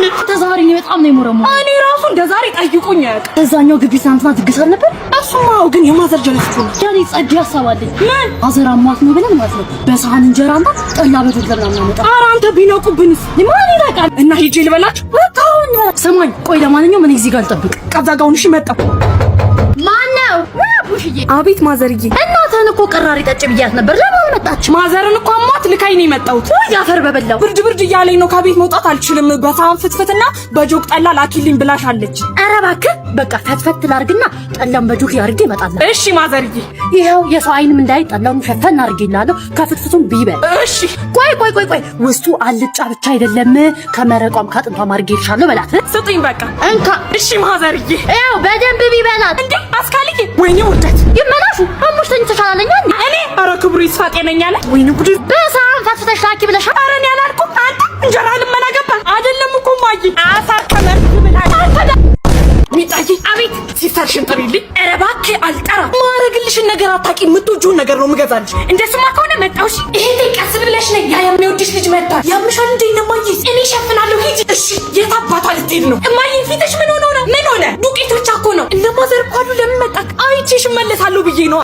ምን ተዛሪ ነው በጣም ነው የሞረሙ። እኔ ራሱ እንደ ዛሬ ጠይቆኝ አያውቅም። እዛኛው ግቢ ትናንትና ድግስ አልነበር? እሱማ ግን የማዘር ጀለስኩ ነው። ጃኒ ጸድ ያሳባለኝ ምን አዘር አሟት ነው ብለን ማለት ነው። በሰሃን እንጀራ እና ጠላ በተደላ ነው ማለት። ኧረ አንተ ቢነቁብንስ ማን ይላቃል? እና ሂጄ ልበላችሁ ወጣሁኝ። ስማኝ ቆይ፣ ለማንኛውም እኔ እዚህ ጋር ልጠብቅ። ቀብዛ ጋውን እሺ፣ መጣሁ። ማን ነው? አቤት ማዘርዬ፣ እናትህን እኮ ቀራሪ ጠጭ ብያት ነበር። ለምን መጣች? ላይ ነው የመጣሁት። ያፈር በበላው ብርድ ብርድ እያለኝ ነው። ከቤት መውጣት አልችልም። በሳህን ፍትፍትና በጆግ ጠላ ላኪልኝ ብላሻለች። ኧረ እባክህ በቃ ፈትፈት ላርግና ጠላም በጆግ ያርግ ይመጣል። እሺ ማዘርዬ፣ ይኸው የሰው አይንም እንዳይ ጠላውን ሸፈን አርግላለሁ። ከፍትፍቱም ቢበል እሺ። ቆይ ቆይ ቆይ ቆይ፣ ውስጡ አልጫ ብቻ አይደለም፣ ከመረቋም ከአጥንቷም አርጌ በላት። ስጡኝ በቃ እንካ። እሺ ማዘርዬ፣ ይኸው በደንብ ቢበላት እንዴ አስካልዬ። ወይኔ ውርደት ክብሩ ይስፋ ጤነኛ ነህ ወይ? ንጉድ በሳህን ፈትፈሽ ላኪ ብለሻል። ኧረ እኔ አላልኩም። አንተ እንጀራ ልመና አይደለም እኮ ማይ አሳር ከመር ብላ አንተ ሚጣይ አቤት ሲስተር ሽንጥሪልኝ። ኧረ እባክህ አልጠራም። ማረግልሽን ነገር አታውቂም። የምትወጂውን ነገር ነው የምገዛልሽ። እንደስማ ከሆነ መጣሁ። ይሄ ይሄን ቀስ ብለሽ ነይ። ያ የሚወድሽ ልጅ መጣ። ያምሻል እንዴ ነው ማይ? እኔ ሸፍናለሁ። ሂጂ። እሺ የት አባቷ ልትሄድ ነው? እማዬ ፊትሽ ምን ሆኖ ነው? ምን ሆነ? ዱቄት ብቻ እኮ ነው። እነማዘር እኮ አሉ። ለምን መጣ? አይቼሽ እመለሳለሁ ብዬ ነው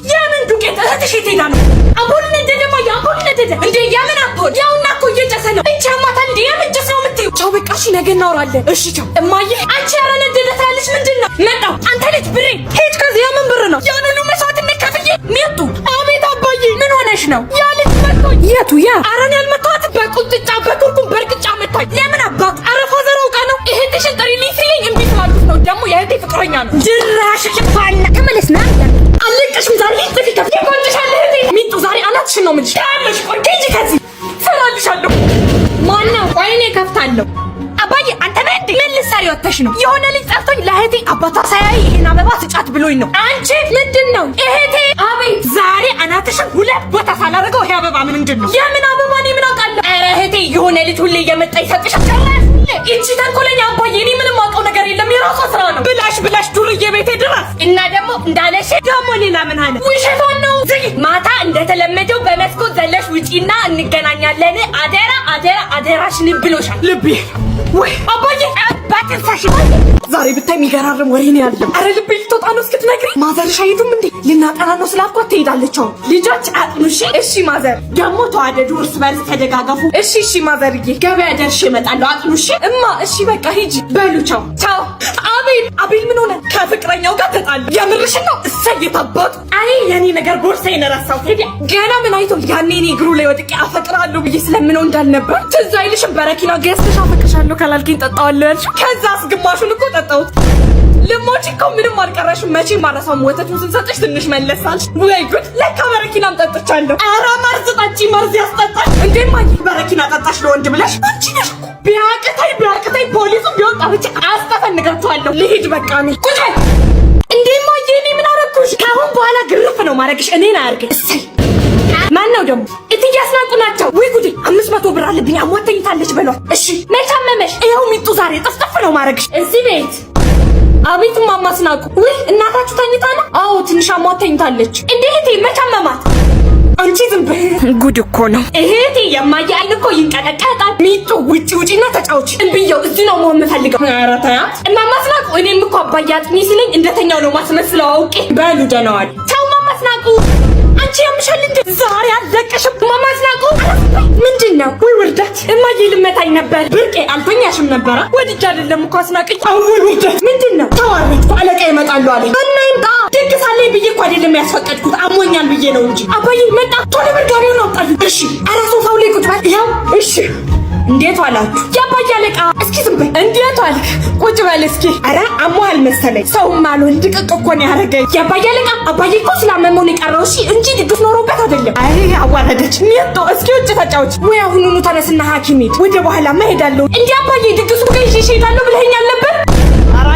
እህትሽ የት ሄዳ ነው? አቦል ነደደ ማየ ነደደ እንዴ! የምን አቦል? ያውና እኮ እየጨሰ ነው። እቺ አማታ እንዴ የምጭስ ነው የምትይው? ጨው በቃ እሺ፣ ነገ እናወራለን። እሺ ጨው እማየ፣ አንቺ ያረ ነደደ ታያለሽ። ምንድን ነው መጣው? አንተ ልጅ ብሬ ሄድ። ከዚህ የምን ብር ነው? ያን ሁሉ መስዋዕትነት ከፍዬ ሚጡ። አቤት አባዬ፣ ምን ሆነሽ ነው? ያ ልጅ መጥቶ የቱ ያ አረን ያልመጣት በቁጥጫ በኩርኩም በርቅጫ መጣች። ለምን አባት አረፋ ዘራው ቃ ነው እህትሽን ጥሪልኝ ደግሞ የእህቴ ፍቅረኛ ነው። ድራሽ ሽፋና ተመለስና አለቀሽም ዛሬ ነው የምልሽ። ታያለሽ። ቆይ ሂጂ ከዚህ ሰላልሻለሁ። ማነው? ቆይ እኔ ከፍታለሁ። አባዬ አንተ ነህ እንዴ? ምን ልትሰሪ ወተሽ ነው? የሆነ ልጅ ጠርቶኝ ለእህቴ አባቷ ሳያይ ይሄን አበባ ስጫት ብሎኝ ነው። አንቺ ምንድን ነው እህቴ? አቤት። ዛሬ አናትሽን ሁለት ቦታ ሳላደርገው ይሄ አበባ ምንድን ነው? የምን አበባ ነው? ምን አውቃለሁ? ኧረ እህቴ፣ የሆነ ልጅ ሁሌ እየመጣ ይሰጥሻል። ይቺ ተንኮለኛ አባዬ፣ እኔ ምንም አውቀው ነገር የለም የራሷ ስራ ነው። ብላሽ ብላሽ ዱርዬ ቤቴ ድረስ እና ደግሞ እንዳለሽ ደግሞ ሌላ ምን አለ ውሸቷን ነው እንደተለመደው በመስኮት ዘለሽ ውጪና እንገናኛለን። አደራ አደራ አደራሽን ብሎሻል። ልቤ ወይ አባዬ ባትንሳሽ። ዛሬ ብታይ የሚገራርም ወሬ ነው ያለው። አረ ልቤ ልትወጣ ነው እስክትነግሪ። ማዘርሽ አይሄዱም እንዴ? ልናጠራ ነው ስላልኳት ትሄዳለች። አሁን ልጆች አጥኑ። እሺ ማዘር ደግሞ ተዋደዱ፣ እርስ በርስ ተደጋገፉ። እሺ እሺ። ማዘርዬ ገበያ ደርሼ እመጣለሁ። አጥኑሽ እማ። እሺ በቃ ሂጂ በሉ። ቻው ቻው። አቤል አቤል፣ ምን ሆነ? ከፍቅረኛው ጋር ተጣሉ። የምርሽን ነው? እሰየታባቱ የኔ ነገር ቦርሳዬን ረሳሁት። ሄደ ገና ምን አይቶ ያኔ እኔ እግሩ ላይ ወጥቄ አፈቅራለሁ ብዬ ስለምነው እንዳልነበር ትዝ አይልሽም? በረኪና ገዝተሽ አፈቅርሻለሁ ካላልከኝ ጠጣዋለሁ ያልሽው፣ ከዛስ ግማሹን እኮ ጠጣሁት። ልሞች እኮ ምንም አልቀረሽም። መቼ ማረሳውም ወተቱን ስንሰጥሽ ትንሽ መለሳልሽ። ወይ ጉድ! ለካ በረኪናም ጠጥቻለሁ። ኧረ መርዝ ጠጪ፣ መርዝ ያስጠጣሽ። እንዴማ በረኪና ጠጣሽ ለወንድ ብለሽ አንቺ ነሽ እኮ። ቢያቅተኝ ቢያቅተኝ ፖሊሱ ቢወጣ ብቻ አስጠፈንጋችኋለሁ። ልሂድ በቃ እኔ ቁጭ በማድረግሽ እኔን አያርገኝ። እሰይ ማን ነው ደግሞ? እትዬ አስናቁ ናቸው። ወይ ጉዴ! አምስት መቶ ብር አለብኝ አሟተኝታለች በሏት። እሺ መቻመመሽ ይኸው ሚጡ ዛሬ ጠፍጠፍ ነው ማድረግሽ እዚህ ቤት አቤት እማማ አስናቁ፣ ውይ እናታችሁ ተኝታ ነው? አዎ ትንሽ አሟት ተኝታለች። እንዴ እህቴ መች አመማት? አንቺ ዝም በይ። ጉድ እኮ ነው እህቴ። የማየ አይን እኮ ይንቀጠቀጣል። ሚጡ ውጪ ውጪና ተጫውች። እንብየው እዚህ ነው መሆን የምፈልገው። ኧረ ተያት እማማ አስናቁ። እኔም እኮ አባዬ አጥኚ ሲለኝ እንደተኛው ነው ማስመስለው አውቄ። በሉ ደህና ዋል አስናቁ አንቺ ያምሻል እንዴ? ዛሬ አለቀሽም። እማማ አስናቁ ምንድን ነው? ወይ ውርደት! እማዬ ልመታኝ ነበር። ብርቄ አልተኛሽም ነበረ? ወድጃ አይደለም እኮ አስናቂ። አሁን ወይ ውርደት! ምንድን ነው? ተዋረድ አለቃ ይመጣሉ አለኝ። እና ይምጣ። ድግስ አለኝ ብዬ እኮ አይደለም ያስፈቀድኩት፣ አሞኛል ብዬ ነው እንጂ። አባዬ መጣ። ቶሎ ብር ነው አውጣልኝ። እሺ፣ አራሶ ሰው ላይ ቁጭ ይኸው። እሺ እንዴት ዋላችሁ? የአባዬ አለቃ እስኪ ዝም በይ። እንዴት ዋልክ? ቁጭ በል እስኪ። አረ አሞሃል መሰለኝ። ሰውም አልሆን ድቅቅ እኮ ነው ያደረገኝ። የአባዬ አለቃ አባዬ እኮ ስላመመው ነው የቀረው እሺ እንጂ ድግፍ ኖሮበት አይደለም። አይ አዋረደች። ኔጦ እስኪ ውጭ ተጫወች ወይ አሁኑኑ ተነስና ሐኪም ሂድ። ወደ በኋላ መሄዳለሁ። እንዲህ አባዬ ድግሱ ገዥ ይሄዳለሁ ብለኸኝ አልነበረ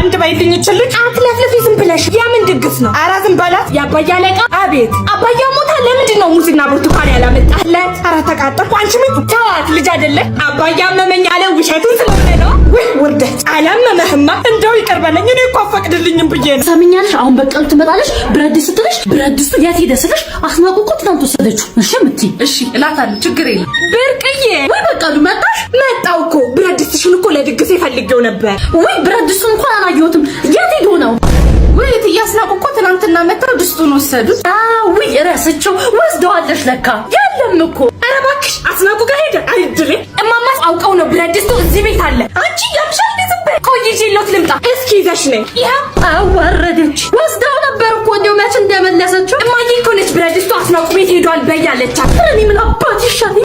አንድ ባይትኝ ይችልኝ አትለፍልፊ ዝም ብለሽ። ያ ምን ድግስ ነው? ኧረ ዝም በላት። የአባያ አለቃ አቤት፣ አባያ ሞታ። ለምንድን ነው ሙዝና ብርቱካን ያላመጣለት? ኧረ ተቃጠልኩ። አንቺ ምን ተዋት፣ ልጅ አይደለች። አባያ አመመኝ አለ ውሸቱን ስለሆነ ነው። ውይ ውርደት። አላመመህማ፣ እንደው ይቅር በለኝ። እኔ እኮ አፈቅድልኝም ብዬ ነው። ሰምኛለሽ። አሁን በቀሉ ትመጣለሽ ብረት ድስት ስትልሽ፣ ብረት ድስቱ የት ሄደ ስልሽ፣ አስናቁ እኮ ትናንት ወሰደችው። እሺ ምቲ እሺ እላታለሁ። ችግር የለም ብርቅዬ። ወይ በቀሉ መጣሽ? መጣሁ እኮ ብረት ድስትሽን እኮ ድግሴ ፈልጌው ነበር። ወይ ብረት ድስቱን እንኳን አላየሁትም። የት ሄዶ ነው? ወይ እትዬ አስናቁ እኮ ትናንትና መጥተው ድስቱን ወሰዱት። ውይ እረስቸው ወስደዋለሽ ለካ ያለም እኮ። ኧረ እባክሽ አስናቁ ጋር ሄደ አይድል። እማማስ አውቀው ነው ብረት ድስቱ እዚህ ቤት አለ። አንቺ ያምሻል ቤትበ ቆይሽ የለት ልምጣ እስኪ ይዘሽ ነኝ። ይህ አዋረደች። ወስደው ነበር እኮ እንዲሁ መች እንደመለሰችው እማዬ እኮ ነች ብረት ድስቱ አስናቁ ቤት ሄዷል በያለቻ በያለቻት። ምን አባት ይሻል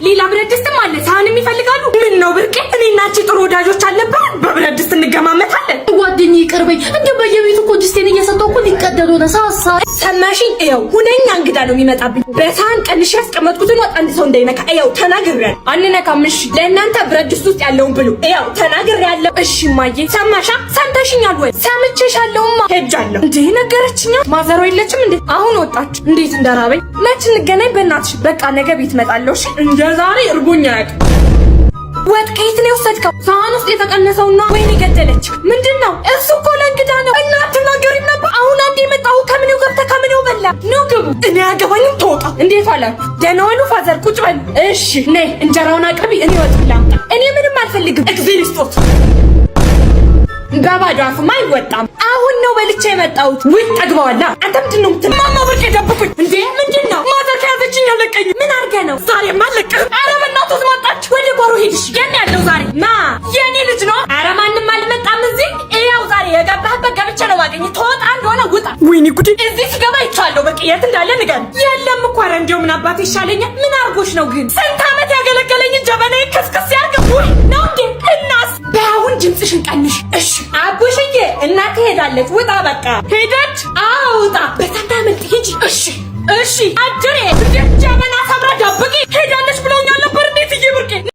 ምላሽን እየው። ሁነኛ እንግዳ ነው የሚመጣብኝ። በሳህን ቀንሼ ያስቀመጥኩትን ወጥ አንድ ሰው እንዳይነካ እየው። ተናግሬያለሁ። አንነካም። እሺ ለእናንተ ብረት ድስት ውስጥ ያለውን ብሉ። እየው ተናግሬያለሁ። እሺ ማየ ሰማሻ? ሰምተሽኛል ወይ? ሰምቼሻለሁማ። ሄጃለሁ። እንዴ ነገረችኛ። ማዘሮ የለችም እንዴ? አሁን ወጣች። እንዴት እንደራበኝ። መች እንገናኝ? በእናትሽ በቃ ነገ ቤት እመጣለሁ። እሺ እንደ ዛሬ እርቦኛ ያቅ ወጥ ከየት ነው የወሰድከው? ሳህን ውስጥ የተቀነሰውና ወይኔ ገደለች። ምንድን ነው እሱ? እኮ ለእንግዳ ነው እና አትናገሪም ነበር። አሁን አንዴ መጣ ኑ ግቡ። እኔ አገባኝም ተወጣ። እንዴት አላችሁ? ደህና ዋሉ። ፋዘር ቁጭ በል። እሺ ነ እንጀራውን አቅርቢ። እኔ ወጥ ላምጣ። እኔ ምንም አልፈልግም። እግዜር ይስጦት። በባዶ አፍም አይወጣም። አሁን ነው በልቼ የመጣሁት። ውይ ጠግበዋላ። አንተ ምንድን ነው ምትል? ማማ ብርቅ እንዴ? ምንድን ነው ማዘር ከያዘችኝ ያለቀኝ? ምን አድርገህ ነው? ዛሬም አለቅህም። አረ በእናትህ ማጣች። ወደ ጓሮ ሂድሽ። የኔ ያለው ዛሬ ና የኔ ልጅ ነው። አረ ማንም አለ ወይኔ ጉዴ! እዚህ ስገባ ይቻለሁ። በቃ የት እንዳለ ንገር። የለም እኮ ኧረ እንደው ምን አባት ይሻለኛል። ምን አርጎሽ ነው ግን? ስንት ዓመት ያገለገለኝ ጀበና ከስከስ ያርገው ነው እንዴ? እናስ በአሁን ድምፅሽን ቀንሽ እሺ። አቡሽዬ እና ሄዳለች። ውጣ በቃ ሄደች። አውጣ በሰንታመት ሂጂ። እሺ እሺ። አድሬ ጀበና ሳምራ ዳብቂ ሄዳለች ብሎ